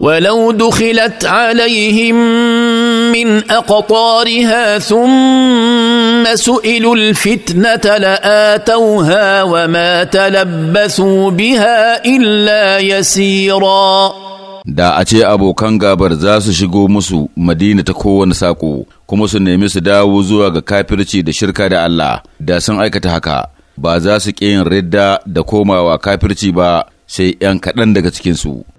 ولو دخلت عليهم من اقطارها ثم سئلوا الفتنه لاتوها وما تلبثوا بها الا يسيرا da a ce abokan gabar za su shigo musu madina ta kowane saƙo kuma su nemi su dawo zuwa ga kafirci da shirka da Allah da sun aikata haka ba za su ƙi yin ridda da komawa kafirci ba sai ‘yan kaɗan daga cikinsu.